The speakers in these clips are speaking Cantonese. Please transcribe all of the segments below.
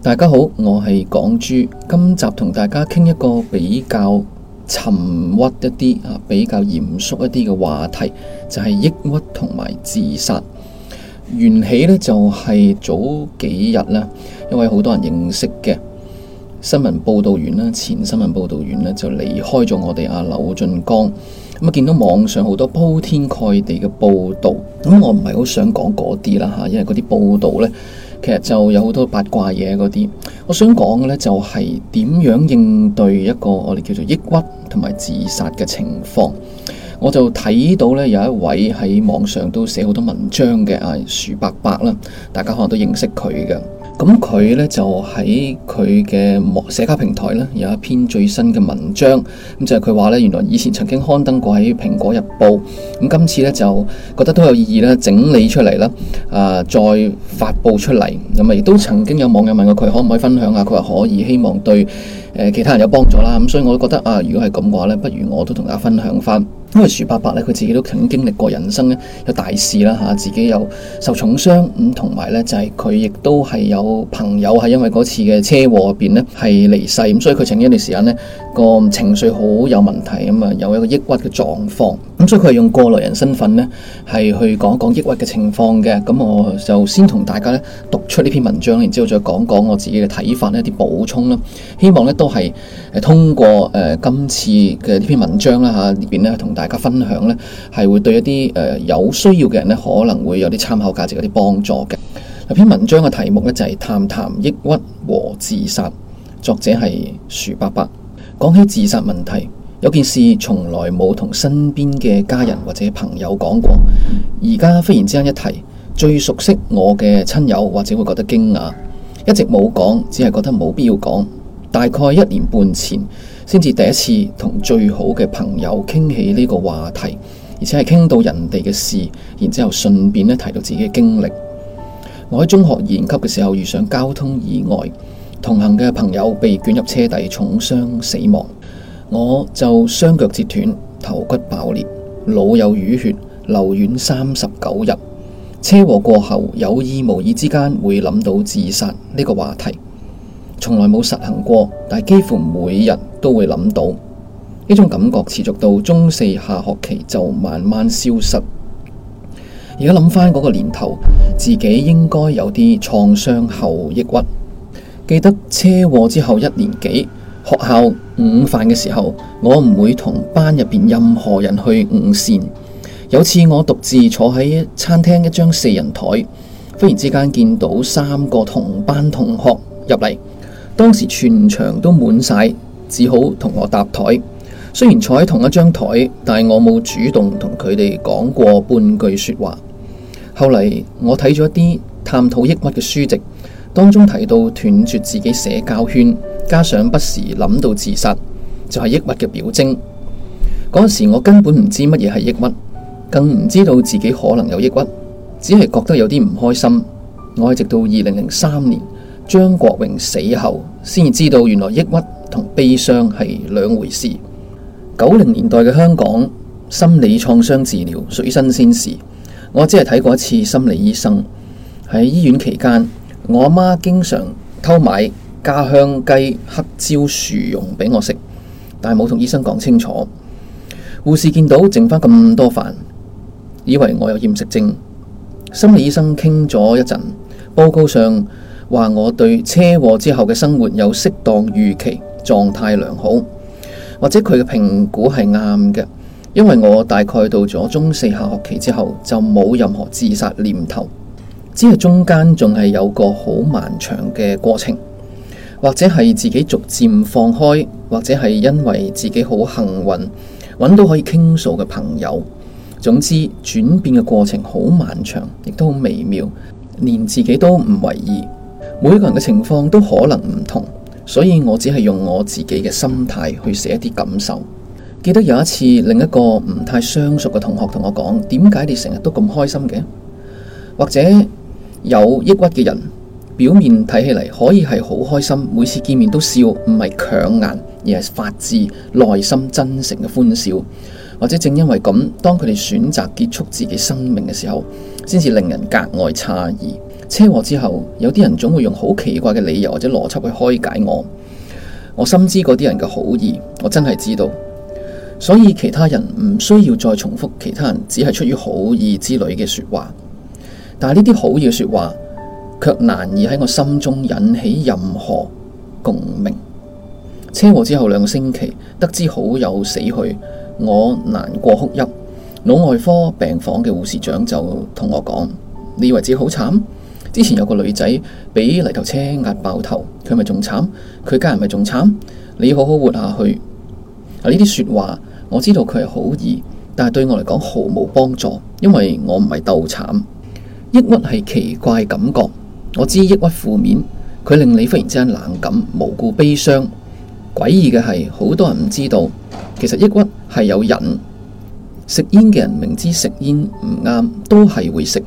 大家好，我係港豬。今集同大家傾一個比較沉鬱一啲啊，比較嚴肅一啲嘅話題，就係抑鬱同埋自殺。緣起呢，就係早幾日咧，因為好多人認識嘅新聞報道員啦，前新聞報道員呢，就離開咗我哋阿柳俊江。咁啊見到網上好多鋪天蓋地嘅報道，咁我唔係好想講嗰啲啦吓，因為嗰啲報道呢。其實就有好多八卦嘢嗰啲，我想講嘅呢，就係點樣應對一個我哋叫做抑鬱同埋自殺嘅情況。我就睇到呢，有一位喺網上都寫好多文章嘅阿薯伯伯啦，大家可能都認識佢嘅。咁佢呢就喺佢嘅社交平台呢有一篇最新嘅文章，咁就係佢話呢，原來以前曾經刊登過喺《蘋果日報》，咁今次呢就覺得都有意義啦，整理出嚟啦、呃，再發佈出嚟，咁啊亦都曾經有網友問過佢可唔可以分享下，佢話可以，希望對、呃、其他人有幫助啦，咁所以我都覺得啊，如果係咁嘅話呢，不如我都同大家分享翻。因為薯伯伯咧，佢自己都曾經經歷過人生咧，有大事啦吓、啊，自己有受重傷咁，同埋咧就係佢亦都係有朋友係因為嗰次嘅車禍入邊咧係離世，咁所以佢曾經一段時間咧個情緒好有問題咁啊、嗯，有一個抑鬱嘅狀況，咁、嗯、所以佢係用過來人身份咧係去講一講抑鬱嘅情況嘅，咁我就先同大家咧讀出呢篇文章，然之後再講講我自己嘅睇法呢，一啲補充啦，希望咧都係誒通過誒、呃、今次嘅呢篇文章啦吓，啊、邊呢邊咧同大家分享呢，係會對一啲誒、呃、有需要嘅人呢，可能會有啲參考價值、有啲幫助嘅。篇文章嘅題目呢，就係、是、也談抑鬱和自殺，作者係薯伯伯。講起自殺問題，有件事從來冇同身邊嘅家人或者朋友講過，而家忽然之間一提，最熟悉我嘅親友或者會覺得驚訝，一直冇講，只係覺得冇必要講。大概一年半前，先至第一次同最好嘅朋友傾起呢個話題，而且係傾到人哋嘅事，然之後順便咧提到自己嘅經歷。我喺中學二年級嘅時候遇上交通意外，同行嘅朋友被捲入車底，重傷死亡，我就雙腳折斷、頭骨爆裂、腦有淤血，留院三十九日。車禍過後有意無意之間會諗到自殺呢個話題。從來冇實行過，但係幾乎每日都會諗到，呢種感覺持續到中四下學期就慢慢消失。而家諗返嗰個年頭，自己應該有啲創傷後抑鬱。記得車禍之後一年幾，學校午飯嘅時候，我唔會同班入邊任何人去午膳。有次我獨自坐喺餐廳一張四人台，忽然之間見到三個同班同學入嚟。當時全場都滿晒，只好同我搭台。雖然坐喺同一張台，但我冇主動同佢哋講過半句說話。後嚟我睇咗一啲探討抑鬱嘅書籍，當中提到斷絕自己社交圈，加上不時諗到自殺，就係抑鬱嘅表徵。嗰時我根本唔知乜嘢係抑鬱，更唔知道自己可能有抑鬱，只係覺得有啲唔開心。我係直到二零零三年。張國榮死後，先知道原來抑鬱同悲傷係兩回事。九零年代嘅香港，心理創傷治療屬於新鮮事。我只係睇過一次心理醫生。喺醫院期間，我阿媽經常偷買家鄉雞、黑椒薯蓉俾我食，但係冇同醫生講清楚。護士見到剩返咁多飯，以為我有厭食症。心理醫生傾咗一陣，報告上。話我對車禍之後嘅生活有適當預期，狀態良好，或者佢嘅評估係啱嘅。因為我大概到咗中四下學期之後就冇任何自殺念頭，只係中間仲係有個好漫長嘅過程，或者係自己逐漸放開，或者係因為自己好幸運揾到可以傾訴嘅朋友。總之轉變嘅過程好漫長，亦都好微妙，連自己都唔為意。每一個人嘅情況都可能唔同，所以我只係用我自己嘅心態去寫一啲感受。記得有一次，另一個唔太相熟嘅同學同我講：「點解你成日都咁開心嘅？」或者有抑鬱嘅人，表面睇起嚟可以係好開心，每次見面都笑，唔係強顏，而係發自內心真誠嘅歡笑。或者正因為咁，當佢哋選擇結束自己生命嘅時候，先至令人格外詫異。車禍之後，有啲人總會用好奇怪嘅理由或者邏輯去開解我。我深知嗰啲人嘅好意，我真係知道。所以其他人唔需要再重複其他人只係出於好意之類嘅說話。但係呢啲好意嘅說話，卻難以喺我心中引起任何共鳴。車禍之後兩個星期，得知好友死去，我難過哭泣。腦外科病房嘅護士長就同我講：你以為自己好慘？之前有個女仔畀泥頭車壓爆頭，佢咪仲慘，佢家人咪仲慘。你好好活下去啊！呢啲説話我知道佢係好意，但係對我嚟講毫無幫助，因為我唔係鬥慘。抑鬱係奇怪感覺，我知抑鬱負面，佢令你忽然之間冷感、無故悲傷。詭異嘅係，好多人唔知道，其實抑鬱係有癮，食煙嘅人明知食煙唔啱，都係會食。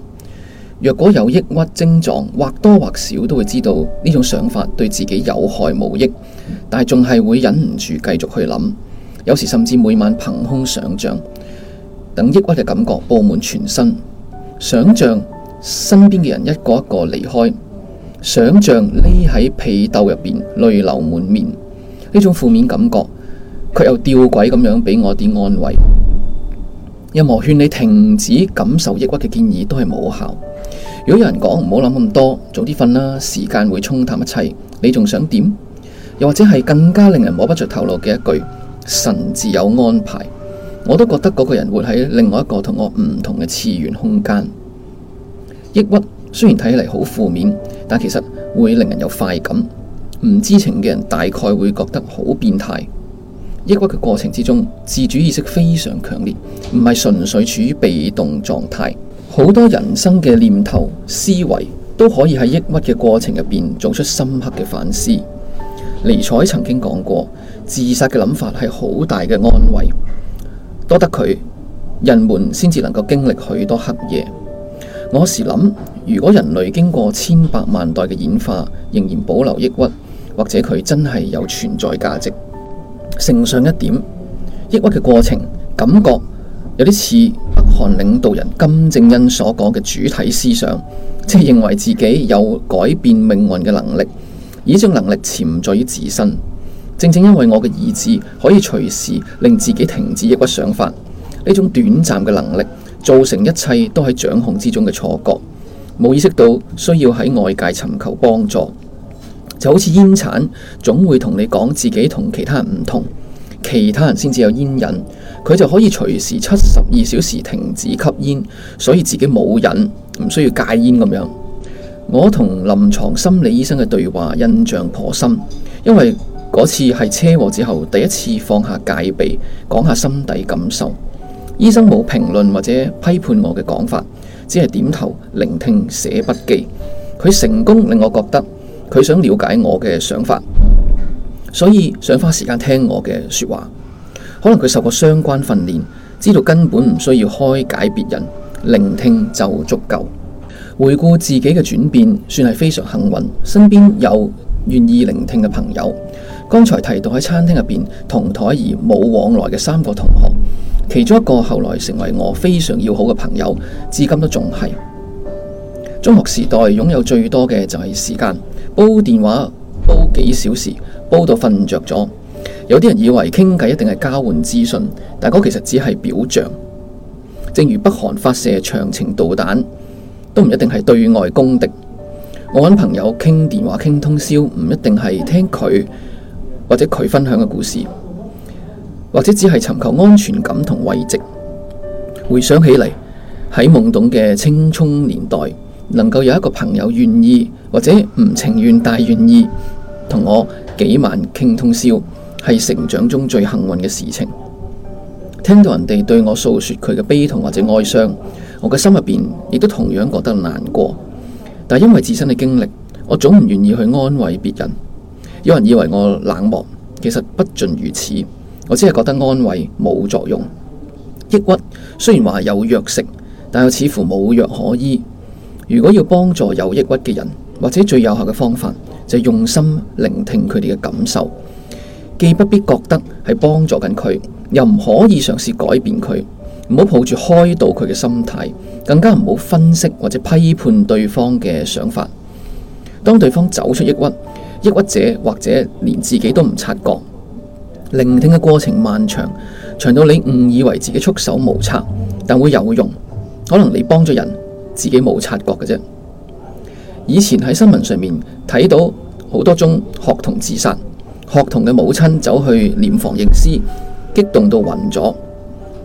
若果有抑鬱症狀，或多或少都會知道呢種想法對自己有害無益，但係仲係會忍唔住繼續去諗。有時甚至每晚憑空想象，等抑鬱嘅感覺布滿全身，想象身邊嘅人一個一個離開，想象匿喺被竇入邊，淚流滿面。呢種負面感覺，卻又吊詭咁樣俾我啲安慰。任何勸你停止感受抑鬱嘅建議都係冇效。如果有人講唔好諗咁多，早啲瞓啦，時間會沖淡一切，你仲想點？又或者係更加令人摸不着頭腦嘅一句，神自有安排。我都覺得嗰個人活喺另外一個同我唔同嘅次元空間。抑鬱雖然睇起嚟好負面，但其實會令人有快感。唔知情嘅人大概會覺得好變態。抑鬱嘅過程之中，自主意識非常強烈，唔係純粹處於被動狀態。好多人生嘅念頭、思維都可以喺抑鬱嘅過程入邊做出深刻嘅反思。尼采曾經講過，自殺嘅諗法係好大嘅安慰，多得佢，人們先至能夠經歷許多黑夜。我有時諗，如果人類經過千百萬代嘅演化，仍然保留抑鬱，或者佢真係有存在價值。承上一點，抑鬱嘅過程感覺有啲似韓領導人金正恩所講嘅主體思想，即係認為自己有改變命運嘅能力，而呢種能力潛在於自身。正正因為我嘅意志可以隨時令自己停止抑鬱想法，呢種短暫嘅能力造成一切都喺掌控之中嘅錯覺，冇意識到需要喺外界尋求幫助，就好似煙鏟總會同你講自己同其他人唔同。其他人先至有煙癮，佢就可以隨時七十二小時停止吸煙，所以自己冇癮，唔需要戒煙咁樣。我同臨床心理醫生嘅對話印象頗深，因為嗰次係車禍之後第一次放下戒備，講下心底感受。醫生冇評論或者批判我嘅講法，只係點頭聆聽、寫筆記。佢成功令我覺得佢想了解我嘅想法。所以想花時間聽我嘅說話，可能佢受過相關訓練，知道根本唔需要開解別人，聆聽就足夠。回顧自己嘅轉變，算係非常幸運，身邊有願意聆聽嘅朋友。剛才提到喺餐廳入邊同台而冇往來嘅三個同學，其中一個後來成為我非常要好嘅朋友，至今都仲係。中學時代擁有最多嘅就係時間，煲電話。煲幾小時，煲到瞓着咗。有啲人以為傾偈一定係交換資訊，但嗰其實只係表象。正如北韓發射長程導彈，都唔一定係對外攻敵。我揾朋友傾電話傾通宵，唔一定係聽佢或者佢分享嘅故事，或者只係尋求安全感同慰藉。回想起嚟喺懵懂嘅青蔥年代。能夠有一個朋友願意或者唔情願但願意同我幾晚傾通宵，係成長中最幸運嘅事情。聽到人哋對我訴說佢嘅悲痛或者哀傷，我嘅心入邊亦都同樣覺得難過。但因為自身嘅經歷，我總唔願意去安慰別人。有人以為我冷漠，其實不盡如此。我只係覺得安慰冇作用，抑鬱雖然話有藥食，但又似乎冇藥可醫。如果要幫助有抑鬱嘅人，或者最有效嘅方法就係用心聆聽佢哋嘅感受，既不必覺得係幫助緊佢，又唔可以嘗試改變佢，唔好抱住開導佢嘅心態，更加唔好分析或者批判對方嘅想法。當對方走出抑鬱，抑鬱者或者連自己都唔察覺，聆聽嘅過程漫長，長到你誤以為自己束手無策，但會有用。可能你幫咗人。自己冇察覺嘅啫。以前喺新聞上面睇到好多宗學童自殺，學童嘅母親走去殮房認屍，激動到暈咗。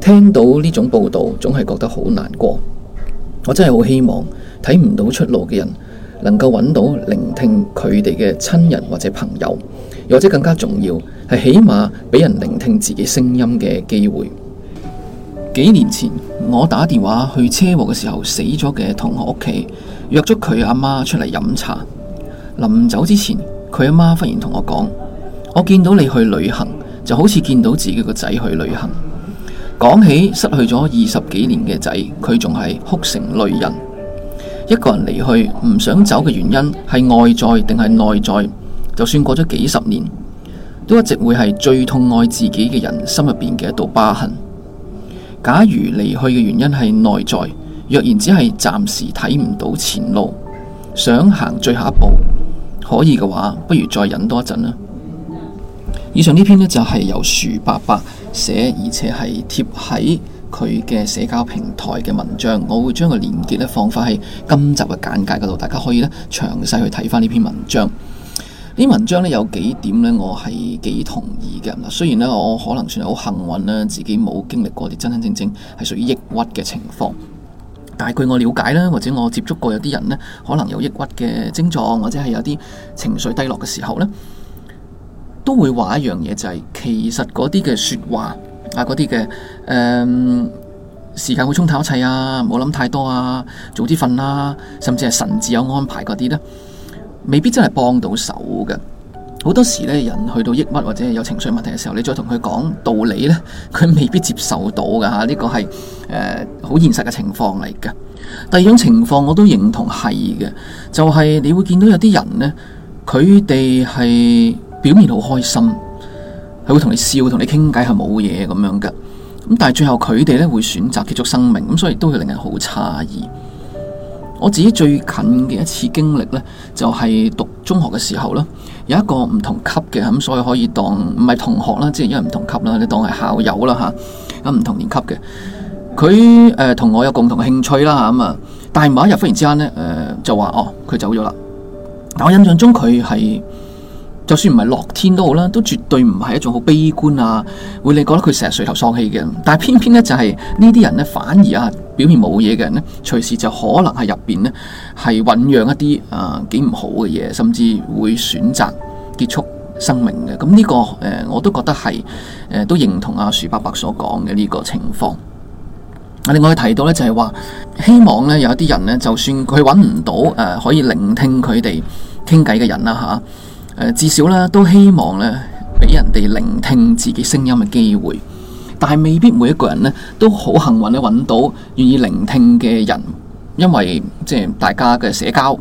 聽到呢種報道，總係覺得好難過。我真係好希望睇唔到出路嘅人能夠揾到聆聽佢哋嘅親人或者朋友，又或者更加重要係起碼俾人聆聽自己聲音嘅機會。幾年前。我打電話去車禍嘅時候死咗嘅同學屋企，約咗佢阿媽出嚟飲茶。臨走之前，佢阿媽忽然同我講：我見到你去旅行，就好似見到自己個仔去旅行。講起失去咗二十幾年嘅仔，佢仲係哭成淚人。一個人離去唔想走嘅原因係外在定係內在？就算過咗幾十年，都一直會係最痛愛自己嘅人心入邊嘅一道疤痕。假如離去嘅原因係內在，若然只係暫時睇唔到前路，想行最後一步，可以嘅話，不如再忍多一陣啦。以上呢篇呢，就係由薯伯伯寫，而且係貼喺佢嘅社交平台嘅文章，我會將個連結呢放翻喺今集嘅簡介嗰度，大家可以呢詳細去睇翻呢篇文章。啲文章咧有幾點咧，我係幾同意嘅。嗱，雖然咧我可能算係好幸運啦，自己冇經歷過啲真真正正係屬於抑鬱嘅情況，但係據我了解啦，或者我接觸過有啲人咧，可能有抑鬱嘅症狀，或者係有啲情緒低落嘅時候咧，都會話一樣嘢就係、是、其實嗰啲嘅説話啊，嗰啲嘅誒時間會沖淡一切啊，唔好諗太多啊，早啲瞓啦，甚至係神自有安排嗰啲咧。未必真係幫到手嘅，好多時咧，人去到抑鬱或者有情緒問題嘅時候，你再同佢講道理咧，佢未必接受到噶吓，呢個係誒好現實嘅情況嚟嘅。第二種情況我都認同係嘅，就係、是、你會見到有啲人咧，佢哋係表面好開心，佢會同你笑，同你傾偈，係冇嘢咁樣嘅。咁但係最後佢哋咧會選擇結束生命，咁所以都會令人好詫異。我自己最近嘅一次經歷呢，就係、是、讀中學嘅時候啦，有一個唔同級嘅，咁，所以可以當唔係同學啦，即係因為唔同級啦，你當係校友啦嚇，咁、啊、唔同年級嘅佢誒同我有共同興趣啦咁啊，但係某一日忽然之間呢，誒、呃、就話哦佢走咗啦，但我印象中佢係就算唔係樂天都好啦，都絕對唔係一種好悲觀啊，會令你覺得佢成日垂頭喪氣嘅。但係偏偏呢、就是，就係呢啲人呢，反而啊～表面冇嘢嘅人呢，隨時就可能係入邊呢，係醖釀一啲誒幾唔好嘅嘢，甚至會選擇結束生命嘅。咁、嗯、呢、這個誒、呃、我都覺得係、呃、都認同阿、啊、樹伯伯所講嘅呢個情況。我另外提到呢，就係話，希望呢，有一啲人呢，就算佢揾唔到誒、呃、可以聆聽佢哋傾偈嘅人啦嚇、啊，至少呢，都希望呢，俾人哋聆聽自己聲音嘅機會。但係未必每一個人呢，都好幸運咧，揾到願意聆聽嘅人，因為即係大家嘅社交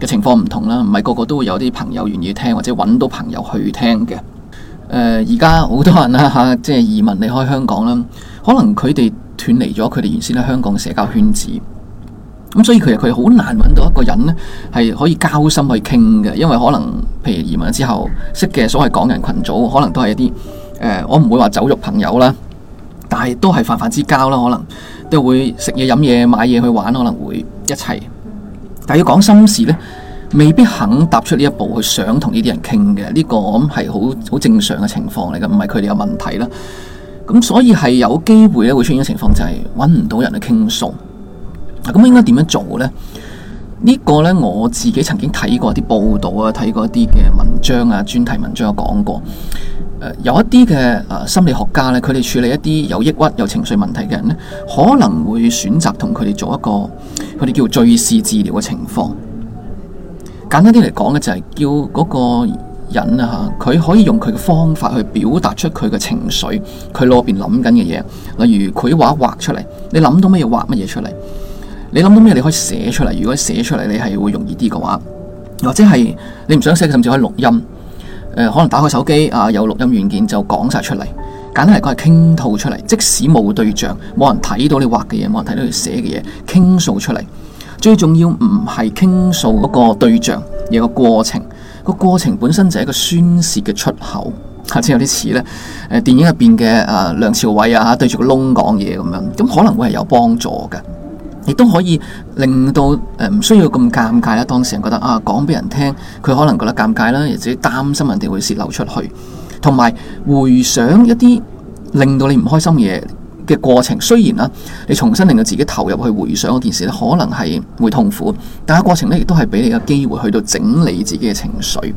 嘅情況唔同啦，唔係個個都會有啲朋友願意聽或者揾到朋友去聽嘅。而家好多人啦嚇、啊，即係移民離開香港啦，可能佢哋斷離咗佢哋原先喺香港嘅社交圈子，咁、嗯、所以其實佢好難揾到一個人咧，係可以交心去傾嘅，因為可能譬如移民之後識嘅所謂港人群組，可能都係一啲、呃、我唔會話酒肉朋友啦。但係都係泛泛之交啦，可能都會食嘢、飲嘢、買嘢去玩，可能會一齊。但係要講心事呢，未必肯踏出呢一步去想同呢啲人傾嘅，呢、這個我諗係好好正常嘅情況嚟嘅，唔係佢哋嘅問題啦。咁所以係有機會咧會出現嘅情況就係搵唔到人去傾訴。咁應該點樣做呢？呢、這個呢，我自己曾經睇過一啲報道啊，睇過一啲嘅文章啊，專題文章有講過。有一啲嘅心理學家咧，佢哋處理一啲有抑鬱、有情緒問題嘅人呢，可能會選擇同佢哋做一個佢哋叫做敘事治療嘅情況。簡單啲嚟講呢就係、是、叫嗰個人啊，吓佢可以用佢嘅方法去表達出佢嘅情緒，佢腦入邊諗緊嘅嘢，例如繪畫畫出嚟，你諗到乜嘢畫乜嘢出嚟，你諗到咩嘢你可以寫出嚟？如果寫出嚟你係會容易啲嘅話，或者係你唔想寫，甚至可以錄音。誒、呃、可能打開手機啊、呃，有錄音軟件就講晒出嚟，簡單嚟講係傾吐出嚟。即使冇對象，冇人睇到你畫嘅嘢，冇人睇到你寫嘅嘢，傾訴出嚟。最重要唔係傾訴嗰個對象，而係個過程，個過程本身就係一個宣泄嘅出口，或者有啲似呢誒、呃、電影入邊嘅梁朝偉啊，對住個窿講嘢咁樣，咁可能會係有幫助嘅。亦都可以令到誒唔、呃、需要咁尷尬啦。當事人覺得啊，講俾人聽，佢可能覺得尷尬啦，而自己擔心人哋會洩漏出去。同埋回想一啲令到你唔開心嘅嘢嘅過程，雖然啦，你重新令到自己投入去回想嗰件事咧，可能係會痛苦，但係過程咧，亦都係俾你個機會去到整理自己嘅情緒。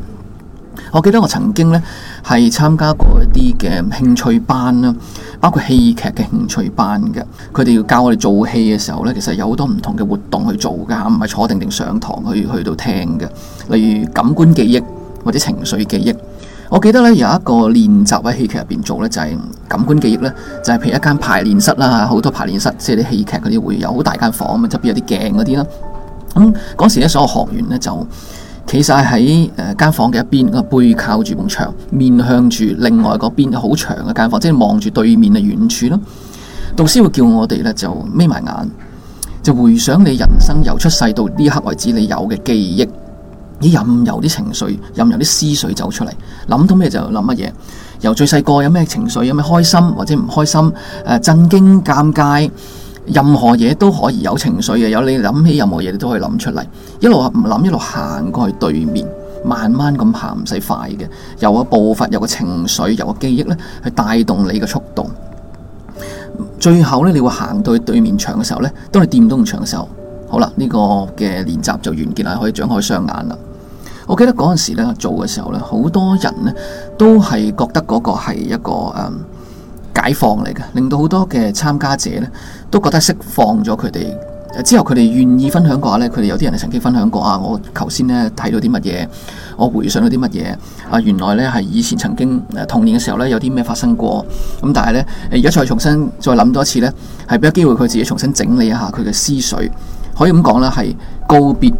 我記得我曾經呢係參加過一啲嘅興趣班啦，包括戲劇嘅興趣班嘅。佢哋要教我哋做戲嘅時候呢，其實有好多唔同嘅活動去做㗎，唔係坐定定上堂去去到聽嘅。例如感官記憶或者情緒記憶。我記得呢有一個練習喺戲劇入邊做呢，就係感官記憶呢，就係譬如一間排練室啦，好多排練室即係啲戲劇嗰啲會有好大間房啊嘛，側邊有啲鏡嗰啲啦。咁、嗯、嗰時呢所有學員呢就。企晒喺誒間房嘅一邊，背靠住埲牆，面向住另外嗰邊好長嘅間房，即係望住對面嘅遠處咯。導師會叫我哋咧就眯埋眼，就回想你人生由出世到呢刻為止你有嘅記憶，你任由啲情緒、任由啲思緒走出嚟，諗到咩就諗乜嘢。由最細個有咩情緒，有咩開心或者唔開心，震驚、尷尬。任何嘢都可以有情緒嘅，有你諗起任何嘢，你都可以諗出嚟。一路諗一路行過去對面，慢慢咁行唔使快嘅，有個步伐，有個情緒，有個記憶呢去帶動你嘅速度。最後呢，你會行到去對面牆嘅時候呢，當你掂到牆嘅時候，好啦，呢個嘅練習就完結啦，可以張開雙眼啦。我記得嗰陣時呢做嘅時候呢，好多人呢都係覺得嗰個係一個誒，嗯解放嚟嘅，令到好多嘅參加者呢，都覺得釋放咗佢哋。之後佢哋願意分享過呢，佢哋有啲人曾經分享過啊。我頭先呢睇到啲乜嘢，我回想到啲乜嘢啊。原來呢，係以前曾經童、啊、年嘅時候呢，有啲咩發生過。咁但係呢，而家再重新再諗多一次呢，係俾個機會佢自己重新整理一下佢嘅思緒。可以咁講啦，係告別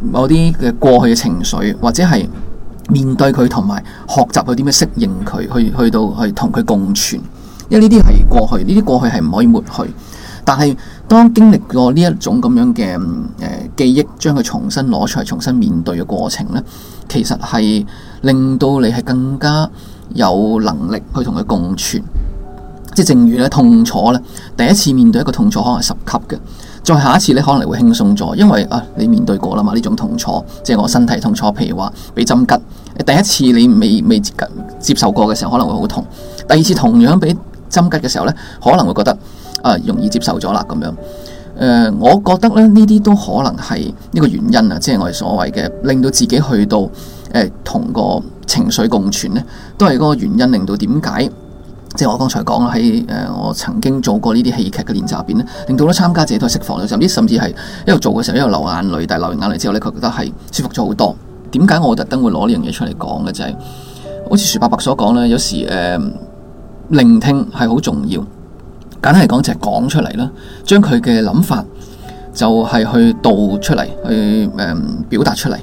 某啲嘅過去嘅情緒，或者係面對佢，同埋學習佢點樣適應佢，去去到去同佢共存。因為呢啲係過去，呢啲過去係唔可以抹去。但係當經歷過呢一種咁樣嘅誒、呃、記憶，將佢重新攞出嚟，重新面對嘅過程呢，其實係令到你係更加有能力去同佢共存。即係正如咧痛楚呢，第一次面對一個痛楚可能係十級嘅，再下一次呢可能你會輕鬆咗，因為啊你面對過啦嘛呢種痛楚，即係我身體痛楚，譬如話俾針吉，第一次你未未接，接受過嘅時候可能會好痛，第二次同樣俾。針拮嘅時候呢，可能會覺得啊容易接受咗啦咁樣。誒、呃，我覺得咧呢啲都可能係呢個原因啊，即係我哋所謂嘅令到自己去到誒、呃、同個情緒共存呢，都係嗰個原因令到點解？即係我剛才講啦，喺誒、呃、我曾經做過呢啲戲劇嘅練習入邊咧，令到咧參加者都係釋放到，甚至甚至係一路做嘅時候一路流眼淚，但係流完眼淚之後呢，佢覺得係舒服咗好多。點解我會特登會攞呢樣嘢出嚟講嘅？就係好似徐伯伯所講呢，有時誒。呃聆聽係好重要，簡單嚟講就係講出嚟啦，將佢嘅諗法就係去道出嚟，去誒表達出嚟，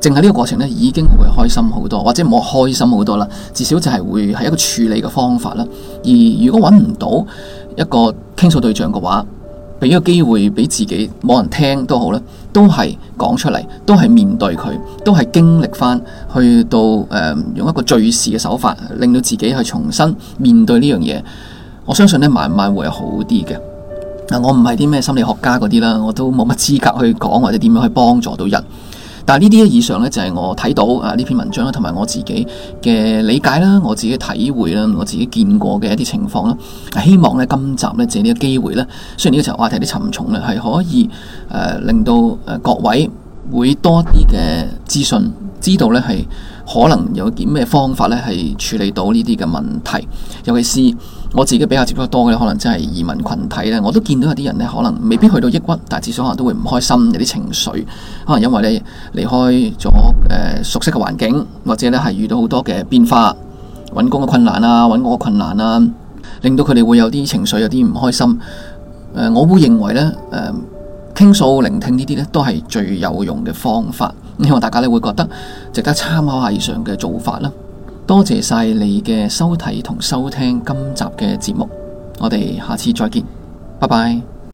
淨係呢個過程咧已經會開心好多，或者冇開心好多啦，至少就係會係一個處理嘅方法啦。而如果搵唔到一個傾訴對象嘅話，俾一個機會俾自己，冇人聽都好啦，都係講出嚟，都係面對佢，都係經歷翻，去到誒、呃、用一個敘事嘅手法，令到自己去重新面對呢樣嘢。我相信呢，慢慢會好啲嘅。嗱，我唔係啲咩心理學家嗰啲啦，我都冇乜資格去講或者點樣去幫助到人。但係呢啲以上呢，就係、是、我睇到啊呢篇文章啦，同埋我自己嘅理解啦，我自己體會啦，我自己見過嘅一啲情況啦，希望呢今集呢，借、這、呢個機會呢，雖然呢個時候話題啲沉重啊，係可以、呃、令到各位會多啲嘅資訊，知道呢係。可能有啲咩方法咧，係處理到呢啲嘅問題。尤其是我自己比較接觸得多嘅可能真係移民群體咧，我都見到有啲人咧，可能未必去到抑鬱，但至少可能都會唔開心有啲情緒。可能因為咧離開咗誒、呃、熟悉嘅環境，或者咧係遇到好多嘅變化、揾工嘅困難啊、揾工嘅困難啊，令到佢哋會有啲情緒、有啲唔開心、呃。我會認為咧，誒、呃、傾訴、聆聽呢啲咧，都係最有用嘅方法。希望大家咧會覺得值得參考下以上嘅做法啦。多謝晒你嘅收睇同收聽今集嘅節目，我哋下次再見，拜拜。